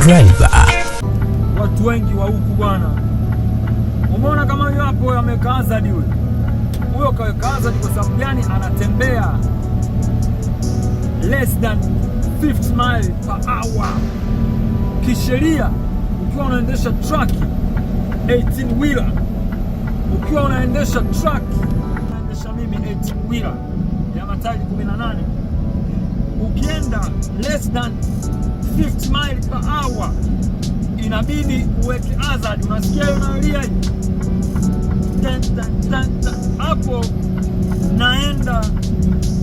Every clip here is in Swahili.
driver. Watu wengi wa huku bwana, umeona kama hiyo hapo ameweka hazard yule huyo, kaweka hazard kwa sababu gani? Anatembea less than 50 miles per hour. Kisheria ukiwa unaendesha truck 18 wheeler, ukiwa unaendesha truck unaendesha mimi 18 wheeler ya matairi 18 ukienda less than Shift mile per hour, inabidi uweke hazard. Unasikia hiyo hapo, naenda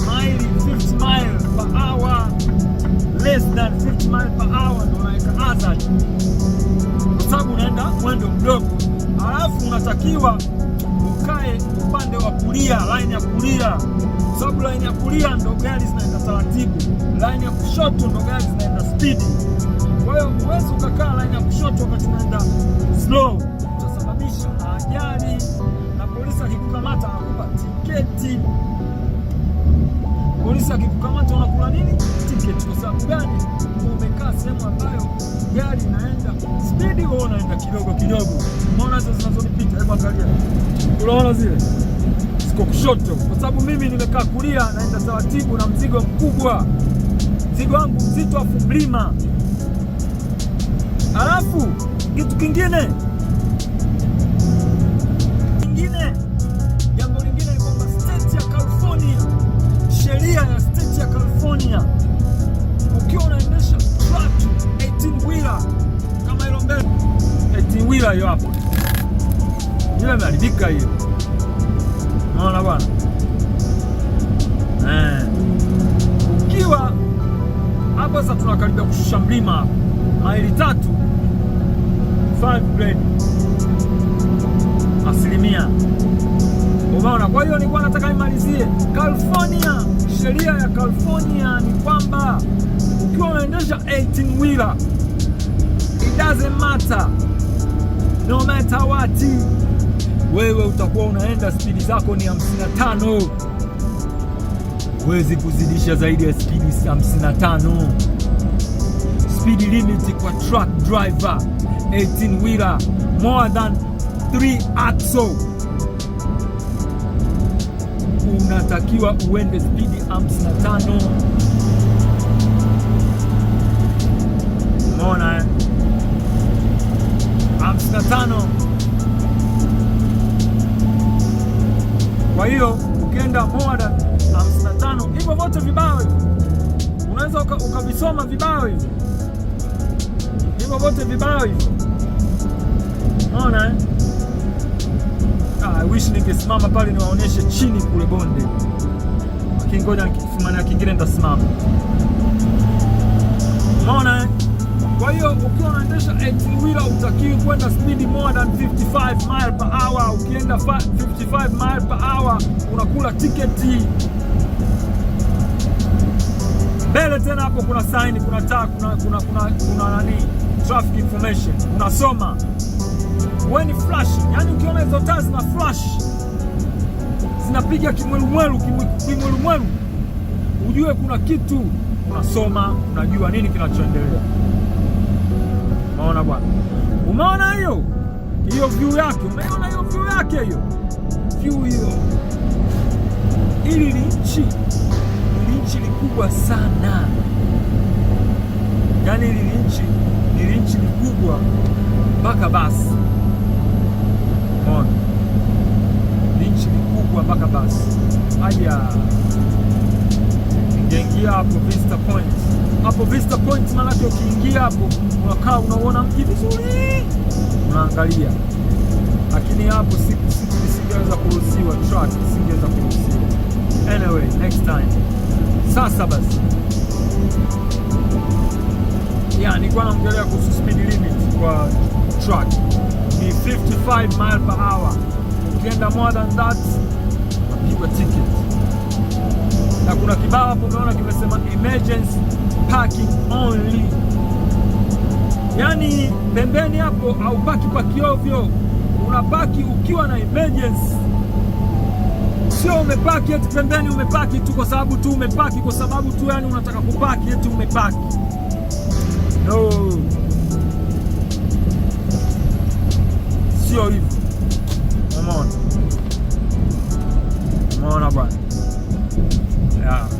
mile 50 mile per hour, less than 50 mile per hour, ndo unaweka hazard, kwa sababu unaenda mwendo mdogo, alafu unatakiwa ukae upande wa kulia, line ya kulia, kwa sababu line ya kulia ndo gari zinaenda taratibu laini ya kushoto ndo gari zinaenda spidi. Kwa hiyo huwezi ukakaa line ya kushoto wakati unaenda slow, utasababisha ajali, na polisi akikukamata anakupa tiketi. Polisi akikukamata unakula nini? Tiketi. Kwa sababu gani? Umekaa sehemu ambayo gari inaenda spidi, wewe unaenda kidogo kidogo. Unaona hizo zinazonipita, hebu angalia, unaona zile ziko kushoto, kwa sababu mimi nimekaa kulia, naenda taratibu na mzigo mkubwa mzigo wangu mzito wa fublima. Halafu kitu kingine kingine, jambo lingine ni kwamba state ya California, sheria ya state ya California, ukiwa unaendesha truck 18 wheeler kama ile mbele 18 wheeler hiyo hapo ile imeharibika hiyo, unaona bwana eh, ukiwa hapa sasa tunakaribia kushusha mlima maili tatu 5 asilimia. Umeona? Kwa hiyo nilikuwa nataka nimalizie California. Sheria ya California ni kwamba ukiwa unaendesha 18 wheeler it doesn't matter no matter what, wewe utakuwa unaenda spidi zako ni 55 huwezi kuzidisha zaidi ya spidi 55. Speed limit kwa truck driver 18 wheeler more than 3 axle, unatakiwa uende spidi 55. Umeona eh? tano. Kwa hiyo ukienda more than mfano hivyo vyote vibao unaweza ukavisoma vibao hivyo hivyo vyote vibao hivyo unaona eh? Ah, I wish ningesimama pale niwaonyeshe chini kule bonde, lakini ngoja kisimania kingine nitasimama. Unaona eh? Kwa hiyo ukiwa unaendesha 18 wheeler utakiwi kwenda speed more than 55 mile per hour. Ukienda 55 mile per hour unakula tiketi mbele tena hapo kuna sign, kuna taa, kuna kuna kuna kuna nani, traffic information unasoma when ni flash. Yani ukiona hizo taa zina flash zinapiga kimwelumwelu kimwelumwelu, ujue kuna kitu unasoma, unajua nini kinachoendelea. Umeona bwana, umeona hiyo hiyo view yake, umeona hiyo view yake, hiyo view hiyo. Ili ni nchi nchi likubwa sana, yaani ili nchi ili nchi likubwa mpaka basi mona ni nchi likubwa mpaka basi. Haya, ingiaingia hapo Vista Point, hapo Vista Point maanake ukiingia hapo unakaa unauona mji vizuri, unaangalia lakini hapo siku siku nisingeweza kuruhusiwa, truck isingeweza kuruhusiwa. Anyway, next time. Sasa basi, yani, kwa namgelea kuhusu speed limit kwa truck ni 55 mile per hour. Ukienda more than that unapigwa ticket, na kuna kibao hapo umeona kimesema emergency parking only, yani pembeni hapo au paki kwa kiovyo, unapaki ukiwa na emergency sio umepaki eti pembeni, umepaki tu kwa sababu tu umepaki kwa sababu tu yani unataka kupaki eti umepaki. No, sio hivyo. Umeona, umeona bwana.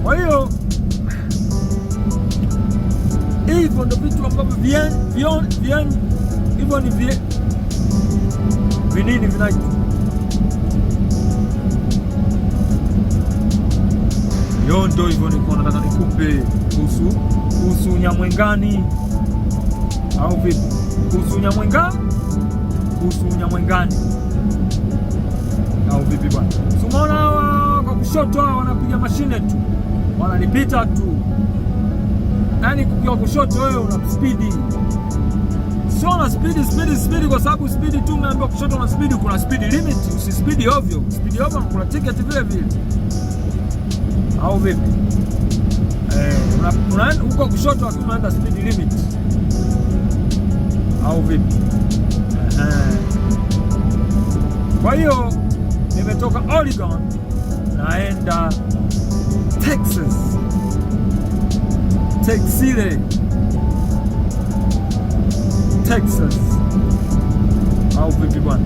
Kwa hiyo hivyo ndio vitu ambavyo hivyo ni vinini vina Yondo hivyo, nilikuwa nataka nikupe kuhusu kuhusu Nyamwengani au vipi? Kuhusu Nyamwenga, kuhusu Nyamwengani au vipi bwana? Sumaona hawa kwa kushoto hawa wanapiga mashine tu, wananipita tu, yaani kukiwa kushoto wewe una spidi Sio na spidi spidi spidi, kwa sababu spidi tu umeambiwa kushoto una spidi, kuna speed limit. Usispidi ovyo, spidi ovyo kuna tiketi vile vile au vipi? Eh, huko kushoto wakiwa unaenda speed limit au vipi? Eh, eh. Kwa hiyo nimetoka Oregon naenda Texas, Texile, Texas au vipi bwana?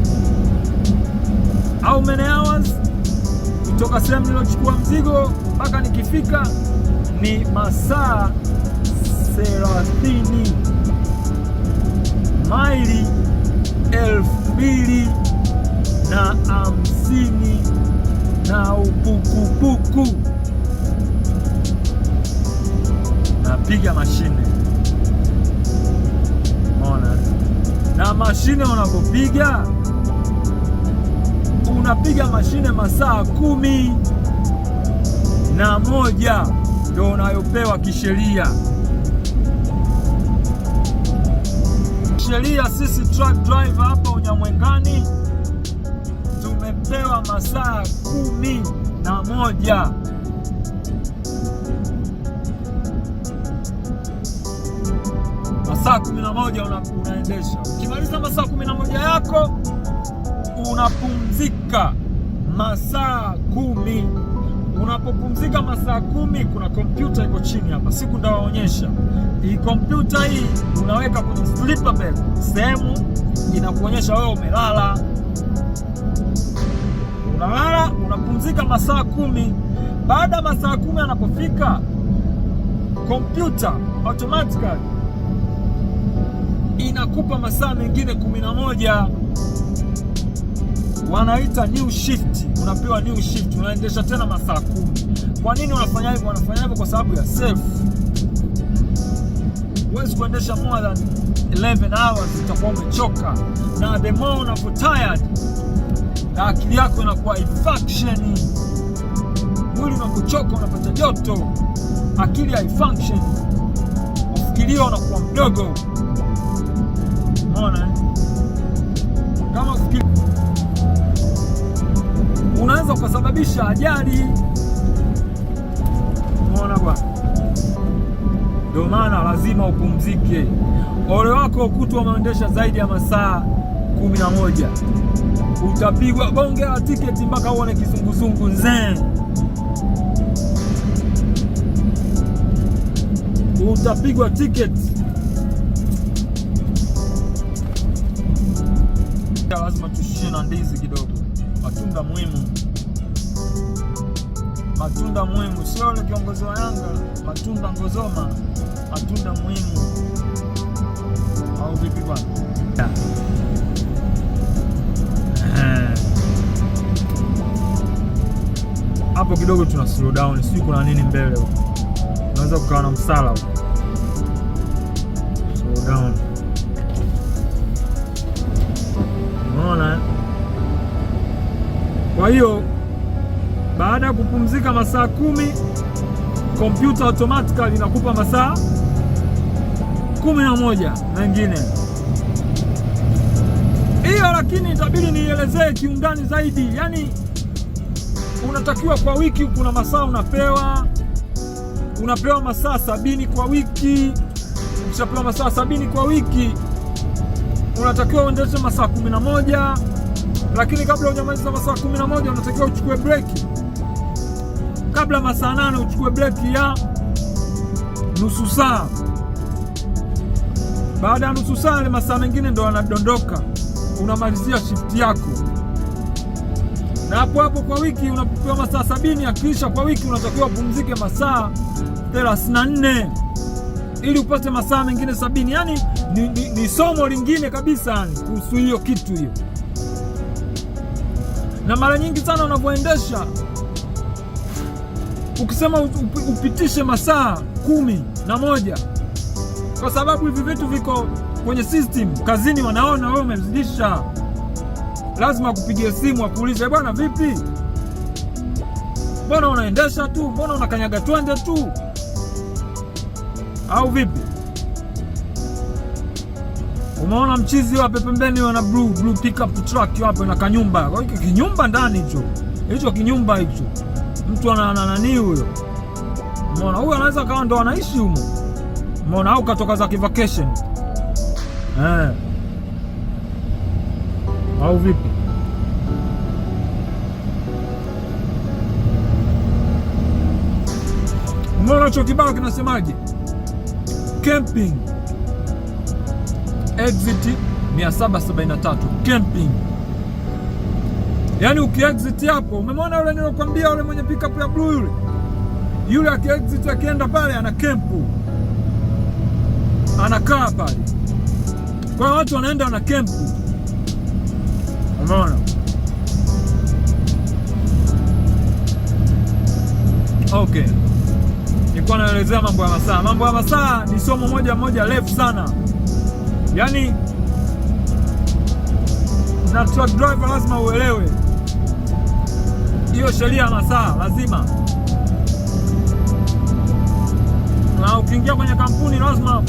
How many hours? kutoka sehemu nilochukua mzigo mpaka nikifika ni masaa thelathini, maili elfu mbili na hamsini na upukupuku napiga mashine mona na mashine unapopiga unapiga mashine masaa kumi na moja ndio unayopewa kisheria. Sheria sisi truck driver hapa Unyamwengani tumepewa masaa kumi na moja. Masaa kumi na moja unaendesha, ukimaliza masaa kumi na moja yako unapumzika masaa kumi. Unapopumzika masaa kumi, kuna kompyuta iko chini hapa, siku ndawaonyesha hii kompyuta hii. Unaweka kwenye sleeper bag, sehemu inakuonyesha wewe umelala, unalala, unapumzika masaa kumi. Baada ya masaa kumi anapofika kompyuta automatically inakupa masaa mengine kumi na moja wanaita new shift, unapewa new shift, unaendesha tena masaa kumi. Kwa nini wanafanya hivyo? Wanafanya hivyo kwa sababu ya safe. Huwezi kuendesha more than 11 hours, utakuwa umechoka, na the more unapo tired, na akili yako inakuwa infection, mwili unakuchoka, unapata joto, akili haifunction, ufikirio unakuwa mdogo. Unaona eh? kama ufikiri unaweza ukasababisha ajali. Unaona bwana, ndio maana lazima upumzike. Ole wako ukutwa umeendesha zaidi ya masaa kumi na moja, utapigwa bonge la tiketi mpaka uone kizunguzungu nzee, utapigwa tiketi. Lazima tushie na ndizi kidogo, matunda muhimu. Matunda muhimu sio yule kiongozi wa Yanga, Matunda Ngozoma, Matunda muhimu au vipi bwana? Eh. Hapo kidogo tuna slow down, sijui kuna nini mbele huko, unaweza kukawa na msala huko. Slow down, unaona? Eh? Kwa hiyo baada ya kupumzika masaa kumi, kompyuta automatically inakupa masaa kumi na moja mengine hiyo, lakini itabidi nielezee kiundani zaidi. Yani unatakiwa kwa wiki, kuna masaa unapewa unapewa masaa sabini kwa wiki. Ukishapewa masaa sabini kwa wiki unatakiwa uendeshe masaa kumi na moja lakini kabla hujamaliza masaa kumi na moja unatakiwa uchukue breki kabla masaa nane uchukue breki ya nusu saa. Baada ya nusu saa, ile masaa mengine ndo anadondoka unamalizia shifti yako, na hapo hapo kwa wiki unapewa masaa sabini akiisha kwa wiki unatakiwa pumzike masaa 34 ili upate masaa mengine sabini. Yani ni, ni, ni somo lingine kabisa yani kuhusu hiyo kitu hiyo, na mara nyingi sana unavyoendesha ukisema upitishe masaa kumi na moja kwa sababu hivi vitu viko kwenye system. Kazini wanaona wewe umezidisha, lazima akupigie simu akuulize, bwana vipi, mbona unaendesha tu, mbona unakanyaga twende tu, au vipi? Umeona mchizi wape pembeni, wana blue blue pickup truck wape na kanyumba, kwa hiyo kinyumba ndani hicho hicho kinyumba hicho mtu ana nani huyo, umeona? Huyo anaweza kawa ndo anaishi humo, umeona, au katoka za vacation eh, au vipi? Umeona cho kibao kinasemaje? Camping exit 773 camping Yaani ukiexit hapo, umemwona yule nilokwambia yule mwenye pickup ya blue yule yule, akiexit akienda pale ana kempu anakaa pale, kwa watu wanaenda na kempu. Umeona? Okay, nilikuwa naelezea mambo ya masaa. Mambo ya masaa ni somo moja moja refu sana, yaani na truck driver lazima uelewe hiyo sheria ya masaa lazima, na ukiingia kwenye kampuni lazima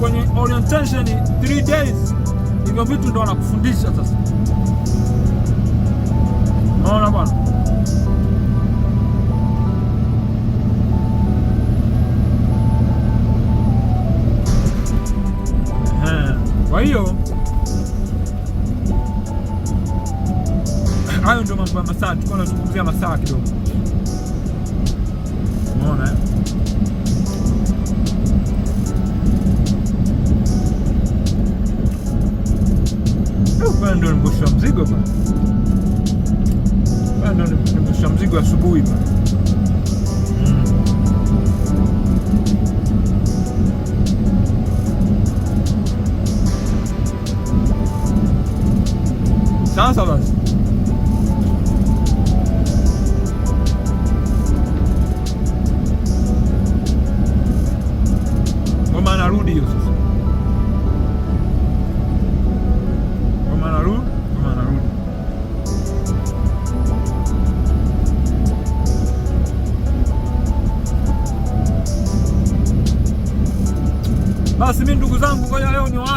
kwenye orientation 3 days. Hivyo vitu ndo wanakufundisha sasa, naona bwana kwa hiyo hayo ndio fazer ya masaa, tulikuwa fazer masaa kidogo, unaona Bwana ndio nimekushusha mzigo mano Bwana ndio nimekushusha mzigo asubuhi bwana. Mm. Sasa basi.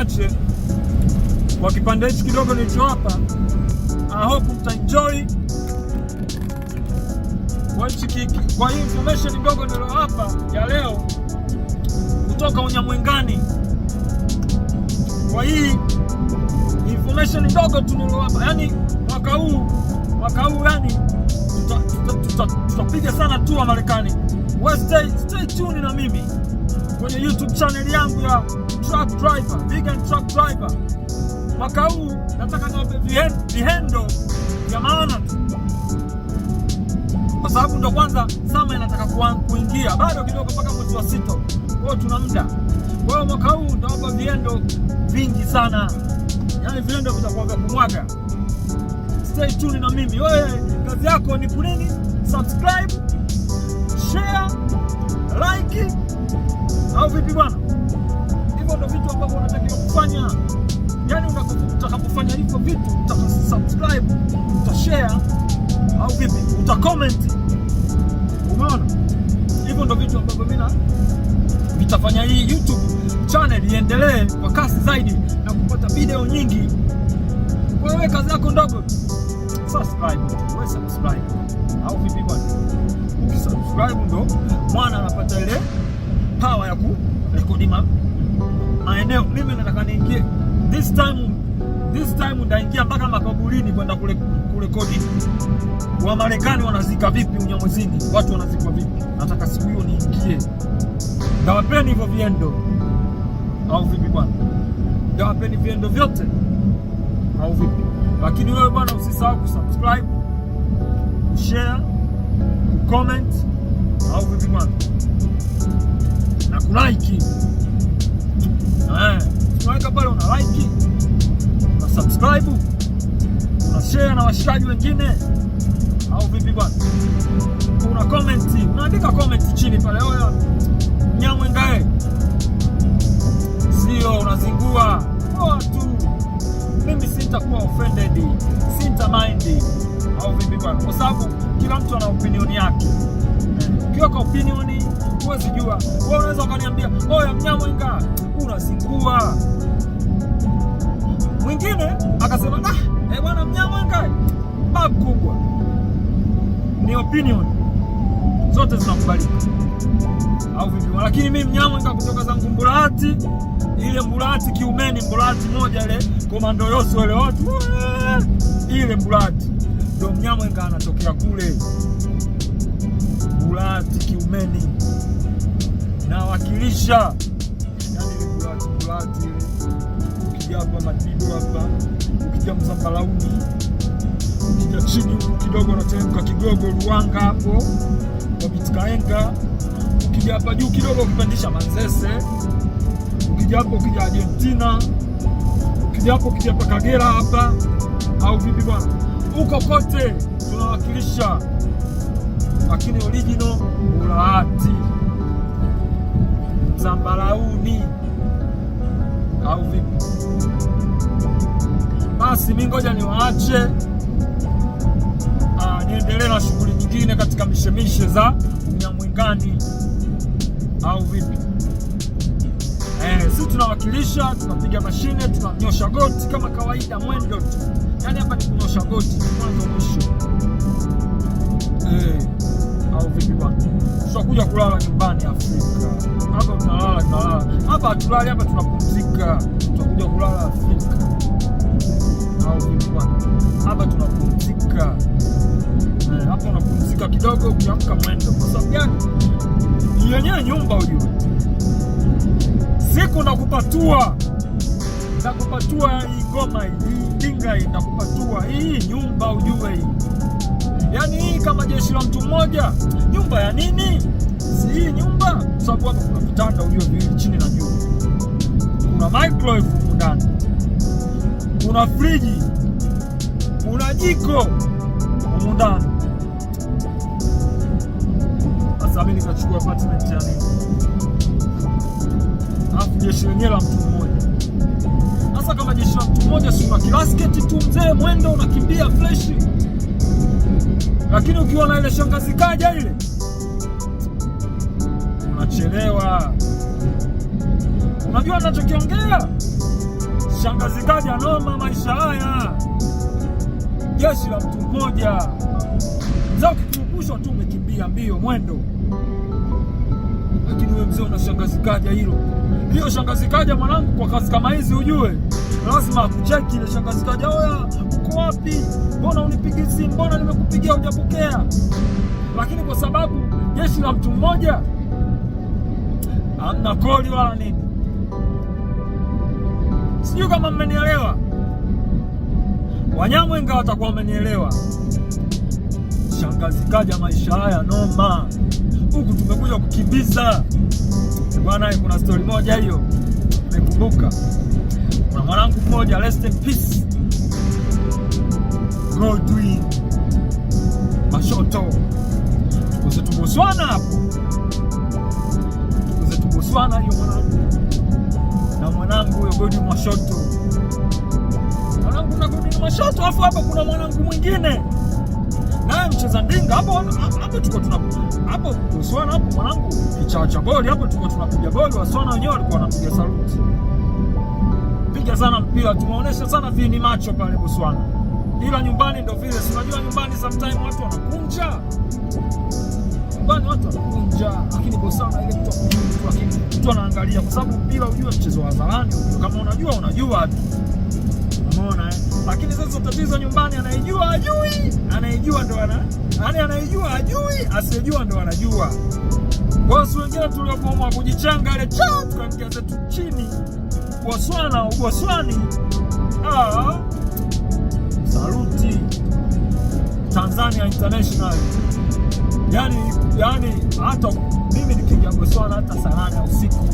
wachache kwa kipande hichi kidogo hapa. I hope mtaenjoy kwa hii information ndogo hapa ya leo kutoka unyamwengani Kwa hii information ndogo tu hapa, yani mwaka huu mwaka huu yani tutapiga sana tu wa Marekani. Stay tuned na mimi kwenye YouTube channel yangu ya truck driver, vegan truck driver. Mwaka huu nataka niwape vihendo vya maana tu, kwa sababu ndo kwanza sama inataka kuingia bado kidogo, mpaka mwezi wa sita. Kwa tuna muda. Kwa hiyo mwaka huu nitawapa vihendo vingi sana, yaani vihendo vitakuwa vya kumwaga. Stay tuned na mimi. Wewe kazi yako ni kunini? Subscribe, share, like au vipi bwana? hivyo ndio vitu ambavyo unatakiwa kufanya. Yani utakapofanya hivyo vitu, utasubscribe, utashare au vipi, utacomment. Umeona, hivyo ndio vitu ambavyo mimi nitafanya hii YouTube channel iendelee kwa kasi zaidi na kupata video nyingi. Kwa hiyo kazi yako ndogo subscribe, wewe subscribe au vipi bwana? Ukisubscribe ndo mwana anapata ile power ya kurekodi maeneo, mimi nataka niingie this time, this time ndaingia mpaka makaburini kwenda kule kurekodi wa Marekani wanazika vipi, mnyamwezini watu wanazikwa vipi. Nataka siku hiyo niingie, ndawapeni hivyo viendo au vipi bwana? Ndawapeni viendo vyote au vipi? Lakini wewe bwana, usisahau kusubscribe, kushare, kucomment au vipi bwana, na kulike unaweka pale, una like, una subscribe, una share na washikaji wengine, au vipi bwana? Una comment, unaandika comment chini pale, oya Nyamwengae, sio unazingua poa mimi sintakuwa offended, sinta mind, au vipi bwana? Kwa sababu kila mtu ana opinion yake. Ukiwa kwa opinion huwezi jua, wewe unaweza ukaniambia oya Nyamwengae Mavuno mwingine akasema ah, eh bwana Mnyamwanga babu kubwa. Ni opinion zote zinakubalika au vipi? Lakini mimi Mnyamwanga kutoka zangu mburati ile mburati kiumeni, mburati moja ile komando yosu wale watu eh, ile mburati ndio Mnyamwanga anatokea kule mburati kiumeni, nawakilisha Karate, ukija hapa Matibu hapa, ukija Mzambalauni, ukija chini kidogo unateremka kidogo Ruanga hapo Abitikaenga, ukija hapa juu kidogo ukipandisha Manzese, ukija hapo ukija Argentina, ukija hapo ukija hapa Kagera hapa, au vipi bwana? Huko kote tunawakilisha, lakini original Ulaati Mzambalauni au vipi? Basi mimi ngoja niwaache ah, niendelee na shughuli nyingine katika mishemishe za Nyamwingani au vipi? Eh, sisi tunawakilisha, tunapiga mashine, tunanyosha goti kama kawaida, mwendo tu. Yaani hapa ni kunyosha goti mwanzo mwisho. Eh, au vipi bwana? Tutakuja kulala nyumbani Afrika hapa mnalala talala hapa, hatulali hapa, tunapumzika. Tunakuja kulala Afrika au hapa tunapumzika hapa, unapumzika kidogo, ukiamka mwendo. Kwa sababu gani? yenyewe nyumba ujue, siku nakupatua nakupatua hii ngoma hii dinga hii nakupatua hii nyumba ujue hii, yaani hii kama jeshi la mtu mmoja, nyumba ya nini? hapa kuna vitanda ujue viwili chini na juu, kuna microwave huko ndani, kuna friji, kuna jiko huko ndani. Sasa mimi nikachukua apartment ya nini, alafu jeshi lenyewe la mtu mmoja. Sasa kama jeshi la mtu mmoja, si una kibasketi tu mzee, mwendo unakimbia freshi, lakini ukiwa na ile shangazi kaja ile Chelewa. Unajua anachokiongea shangazi Gadi? Anoma maisha haya, jeshi la mtu mmoja mzee. Ukikuupushwa tu umekimbia mbio mwendo, lakini wewe mzee unashangazikaja hilo hiyo shangazikaja mwanangu, kwa kazi kama hizi ujue lazima akucheki ile shangazikaja. Oya, uko wapi? Mbona unipigi simu? Mbona nimekupigia hujapokea? Lakini kwa sababu jeshi la mtu mmoja hamna goli wala nini, sijui kama mmenielewa. Wanyamwenga watakuwa wamenielewa. Shangazi kaja maisha haya noma, huku tumekuja kukimbiza bwana. Kuna stori moja hiyo nimekumbuka, kuna mwanangu mmoja, rest in peace Godwin Mashoto, tuko hapo sana hiyo mwanangu, na mwanangu huyo Godi Mwashoto, mwanangu na Godi Mwashoto, afu hapa kuna mwanangu mwingine naye mcheza ndinga hapo hapo, tuko tunakuja hapo usiona hapo mwanangu kichaa cha boli hapo, tuko tunakuja boli, wasiona wenyewe walikuwa wanapiga saluti, piga sana mpira, tumeonesha sana vini macho pale Botswana, ila nyumbani ndo vile, si unajua nyumbani sometimes watu wanakunja Kwani watu wanakunja lakini bosa na ile mtu lakini mtu anaangalia kwa sababu bila ujue mchezo wa zamani kama unajua unajua tu. Unaona eh? Lakini sasa tatizo nyumbani anaijua ajui, anaijua ndo ana. Yaani anaijua ajui, asijua ndo anajua. Kwa sababu wengine tuliopoamua kujichanga ile cha tukaingia zetu chini. Boswana, Boswani. Ah. Saluti Tanzania International yani, yani hata mimi nikiingia Botswana hata saa nane usiku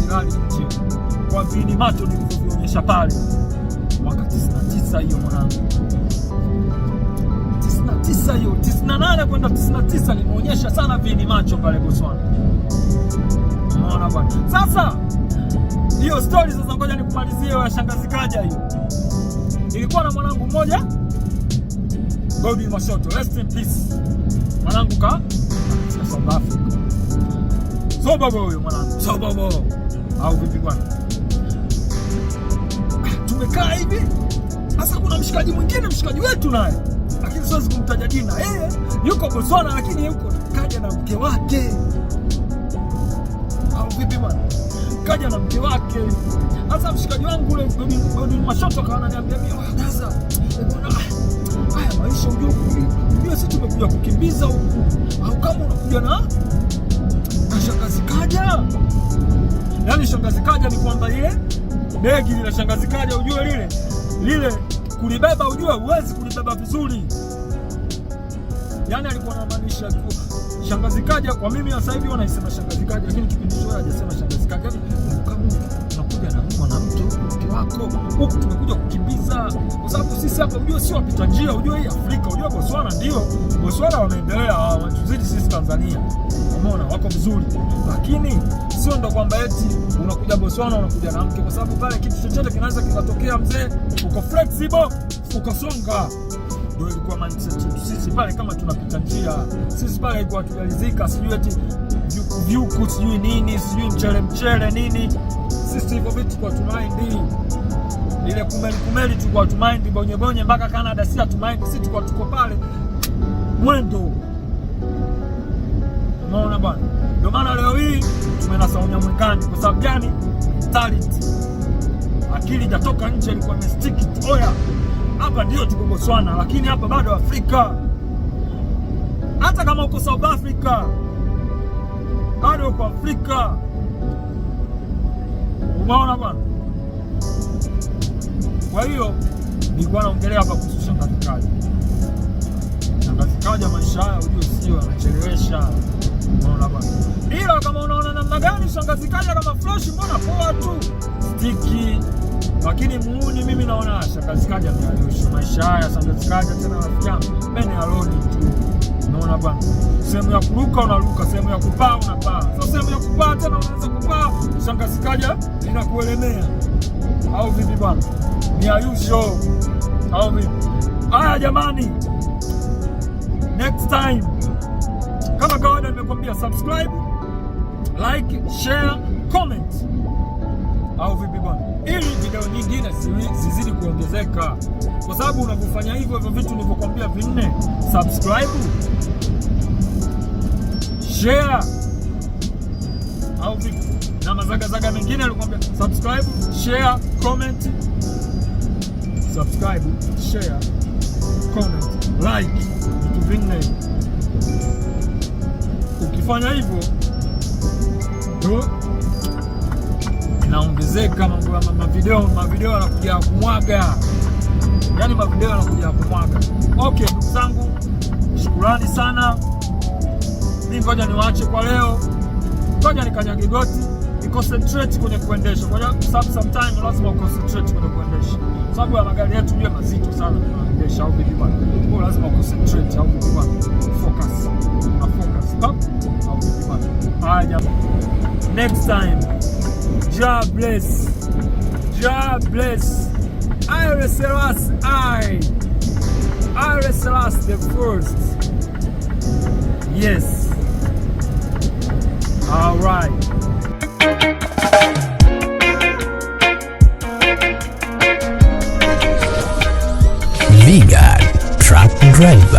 silali nje kwa vini macho nilivyoonyesha pale mwaka 99 hiyo mwanangu, tisa hiyo nane kwenda 99 limeonyesha sana vini macho pale Botswana. mona bwana, sasa hiyo stori sasa, ngoja nikumalizie ya shangazi Kaja hiyo. Ilikuwa na mwanangu mmoja Godwin Mashoto, rest in peace mwanangu ka sombafu sobobo huyo mwanangu sobobo, au vipi bwana? Ah, tumekaa hivi sasa, kuna mshikaji mwingine, mshikaji wetu naye, lakini siwezi kumtaja jina. Yeye yuko Botswana, lakini yuko kaja na mke wake, au vipi bwana? Kaja na mke wake. Sasa mshikaji wangu ule Godwin Mashoto kawa ananiambia mimi, sasa ah, haya maisha ujue unajua sisi tumekuja kukimbiza huku, au kama unakuja na na shangazi kaja. Yaani shangazi kaja ni kwamba ile begi lina shangazi kaja, ujue lile lile kulibeba, ujue huwezi kulibeba vizuri. Yaani alikuwa anamaanisha shangazi kaja kwa mimi sasa hivi wanaisema shangazi kaja, lakini kipindi hicho hajasema shangazi kaja. Yaani wako huku, tumekuja kukimbiza kwa sababu sisi hapa, ujue sio wapita njia, ujue hii Afrika, ujue Botswana ndio Botswana wameendelea, wanatuzidi sisi Tanzania. Umeona wako vizuri, lakini sio ndo kwamba eti unakuja Botswana unakuja na mke, kwa sababu pale kitu chochote kinaweza kikatokea. Mzee uko flexible, ukasonga ndio ilikuwa mindset yetu sisi pale, kama tunapita njia sisi pale, ilikuwa tunalizika, sijui eti vyuku, sijui nini, sijui mchele mchele nini sisi hivyo vitu kwa tumaindi ile kumeli kumeli tu kwa tumaindi, bonye bonye mpaka Canada si tumaindi, sisi kwa tuko pale mwendo. Unaona bwana, ndio maana leo hii tumeenda saunya Mwikani. Kwa sababu gani? Talent. akili itatoka nje, ilikuwa mystic oya. Hapa ndio tuko Botswana, lakini hapa bado Afrika. Hata kama uko South Africa, bado uko Afrika. Umeona bwana? Kwa hiyo nilikuwa naongelea hapa kuhusu shangazi Kaja. Shangazi Kaja maisha haya ujue sio anachelewesha. Umeona bwana? Ila kama unaona namna gani shangazi Kaja kama fresh, mbona poa tu stiki. Lakini muuni mimi naona shangazi Kaja ndio maisha haya shangazi Kaja tena rafiki yangu. Mimi ni alone tu unaona bwana, sehemu ya kuruka unaruka, sehemu ya kupaa unapaa. So sehemu ya kupaa tena unaweza kupaa shangazi kaja inakuelemea, au vipi bwana? Ni ayusho au vipi? Haya jamani, next time kama kawaida nimekwambia subscribe, like, share, comment au vipi bwana? ili video nyingine zizidi kuongezeka, kwa sababu unavyofanya hivyo hivyo vitu nilivyokuambia vinne: subscribe, share au na mazagazaga mengine alikwambia subscribe, share, comment, subscribe, share, comment, like, vitu vinne. Ukifanya hivyo yanaongezeka, mambo ya mavideo, mavideo yanakuja kumwaga, yaani mavideo yanakuja kumwaga. Okay ndugu zangu, shukurani sana. Mi ngoja niwaache kwa leo, ngoja nikanyage goti ni concentrate kwenye kuendesha, kwa sababu sometimes lazima concentrate kwenye kuendesha, sababu ya magari yetu ndio mazito sana kuendesha, au vipi bwana? Kwa lazima concentrate au kwa Focus na focus, au vipi bwana? Haya, next time jobless, jobless. Haile Selassie I, Haile Selassie the first. Yes. All right. trap and Driver